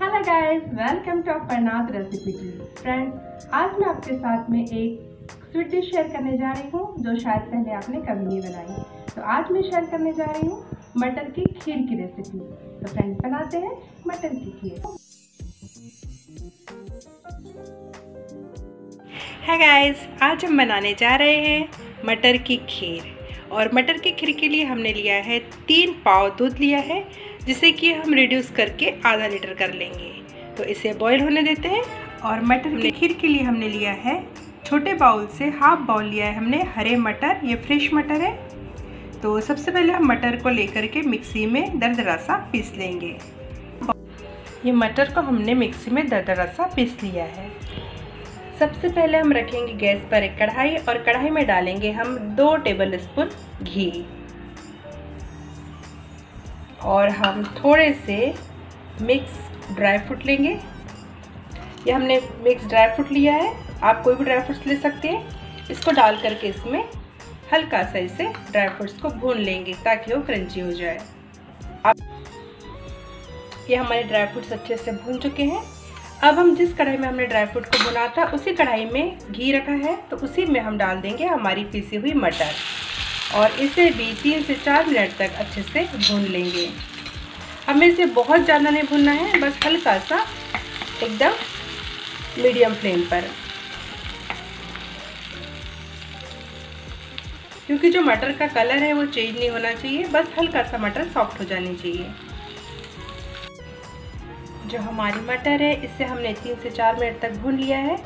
hello guys welcome to अपर्नाथ recipe friends आज मैं आपके साथ में एक स्वीट डिश शेयर करने जा रही हूँ जो शायद पहले आपने कभी नहीं बनाई तो आज मैं शेयर करने जा रही हूँ मटर की खीर की रेसिपी तो फ्रेंड्स बनाते हैं मटर की खीर है गाइस आज हम बनाने जा रहे हैं मटर की खीर और मटर के खीर के लिए हमने लिया है तीन पाव दूध लिया है जिसे कि हम रिड्यूस करके आधा लीटर कर लेंगे तो इसे बॉईल होने देते हैं और मटर के खीर के लिए हमने लिया है छोटे बाउल से हाफ बाउल लिया है हमने हरे मटर ये फ्रेश मटर है तो सबसे पहले हम मटर को लेकर के मिक्सी में दर्द रासा पीस लेंगे ये मटर को हमने मिक्सी में दरदरा पीस लिया है सबसे पहले हम रखेंगे गैस पर एक कढ़ाई और कढ़ाई में डालेंगे हम दो टेबल स्पून घी और हम थोड़े से मिक्स ड्राई फ्रूट लेंगे ये हमने मिक्स ड्राई फ्रूट लिया है आप कोई भी ड्राई फ्रूट्स ले सकते हैं इसको डाल करके इसमें हल्का सा इसे ड्राई फ्रूट्स को भून लेंगे ताकि वो क्रंची हो जाए अब ये हमारे ड्राई फ्रूट्स अच्छे से भून चुके हैं अब हम जिस कढ़ाई में हमने ड्राई फ्रूट को बुना था उसी कढ़ाई में घी रखा है तो उसी में हम डाल देंगे हमारी पीसी हुई मटर और इसे भी तीन से चार मिनट तक अच्छे से भून लेंगे हमें इसे बहुत ज़्यादा नहीं भूनना है बस हल्का सा एकदम मीडियम फ्लेम पर क्योंकि जो मटर का कलर है वो चेंज नहीं होना चाहिए बस हल्का सा मटर सॉफ्ट हो जानी चाहिए जो हमारी मटर है इसे हमने तीन से चार मिनट तक भून लिया है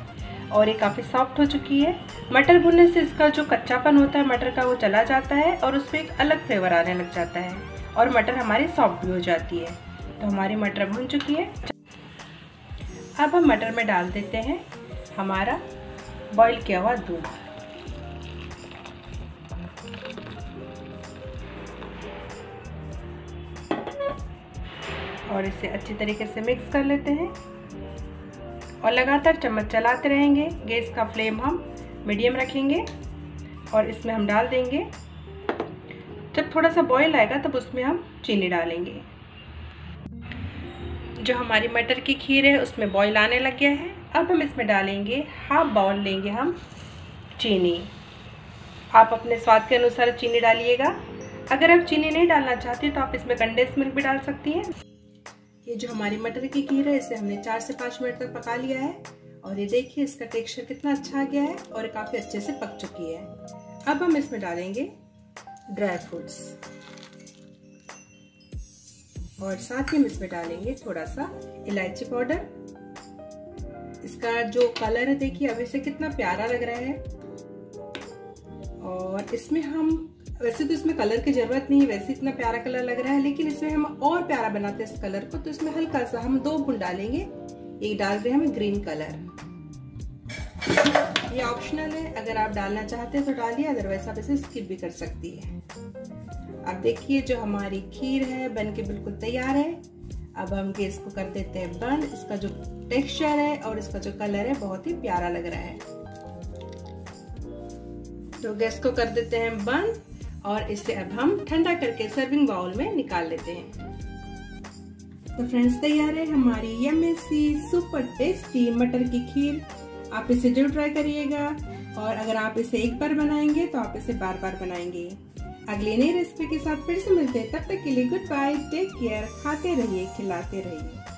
और ये काफ़ी सॉफ्ट हो चुकी है मटर भुनने से इसका जो कच्चापन होता है मटर का वो चला जाता है और उसमें एक अलग फ्लेवर आने लग जाता है और मटर हमारी सॉफ्ट भी हो जाती है तो हमारी मटर भुन चुकी है अब हम मटर में डाल देते हैं हमारा बॉईल किया हुआ दूध और इसे अच्छी तरीके से मिक्स कर लेते हैं और लगातार चम्मच चलाते रहेंगे गैस का फ्लेम हम मीडियम रखेंगे और इसमें हम डाल देंगे जब थोड़ा सा बॉयल आएगा तब उसमें हम चीनी डालेंगे जो हमारी मटर की खीर है उसमें बॉयल आने लग गया है अब हम इसमें डालेंगे हाफ बाउल लेंगे हम चीनी आप अपने स्वाद के अनुसार चीनी डालिएगा अगर आप चीनी नहीं डालना चाहते तो आप इसमें कंडेंस मिल्क भी डाल सकती हैं ये जो हमारी मटर की खीर है इसे हमने चार से पाँच मिनट तक पका लिया है और ये देखिए इसका टेक्सचर कितना अच्छा आ गया है और काफ़ी अच्छे से पक चुकी है अब हम इसमें डालेंगे ड्राई फ्रूट्स और साथ ही हम इसमें डालेंगे थोड़ा सा इलायची पाउडर इसका जो कलर है देखिए अब इसे कितना प्यारा लग रहा है और इसमें हम वैसे तो इसमें कलर की ज़रूरत नहीं है वैसे इतना प्यारा कलर लग रहा है लेकिन इसमें हम और प्यारा बनाते हैं इस कलर को तो इसमें हल्का सा हम दो गुण डालेंगे एक डाल रहे हैं हम ग्रीन कलर ये ऑप्शनल है अगर आप डालना चाहते हैं तो डालिए अदरवाइज आप इसे स्किप भी कर सकती है अब देखिए जो हमारी खीर है बन के बिल्कुल तैयार है अब हम गैस को कर देते हैं बंद इसका जो टेक्सचर है और इसका जो कलर है बहुत ही प्यारा लग रहा है तो गैस को कर देते हैं बंद और इसे अब हम ठंडा करके सर्विंग बाउल में निकाल लेते हैं तो फ्रेंड्स तैयार है हमारी यमेसी सुपर टेस्टी मटर की खीर आप इसे जरूर ट्राई करिएगा और अगर आप इसे एक बार बनाएंगे तो आप इसे बार बार बनाएंगे अगली नई रेसिपी के साथ फिर से मिलते हैं तब तक के लिए गुड बाय टेक केयर खाते रहिए खिलाते रहिए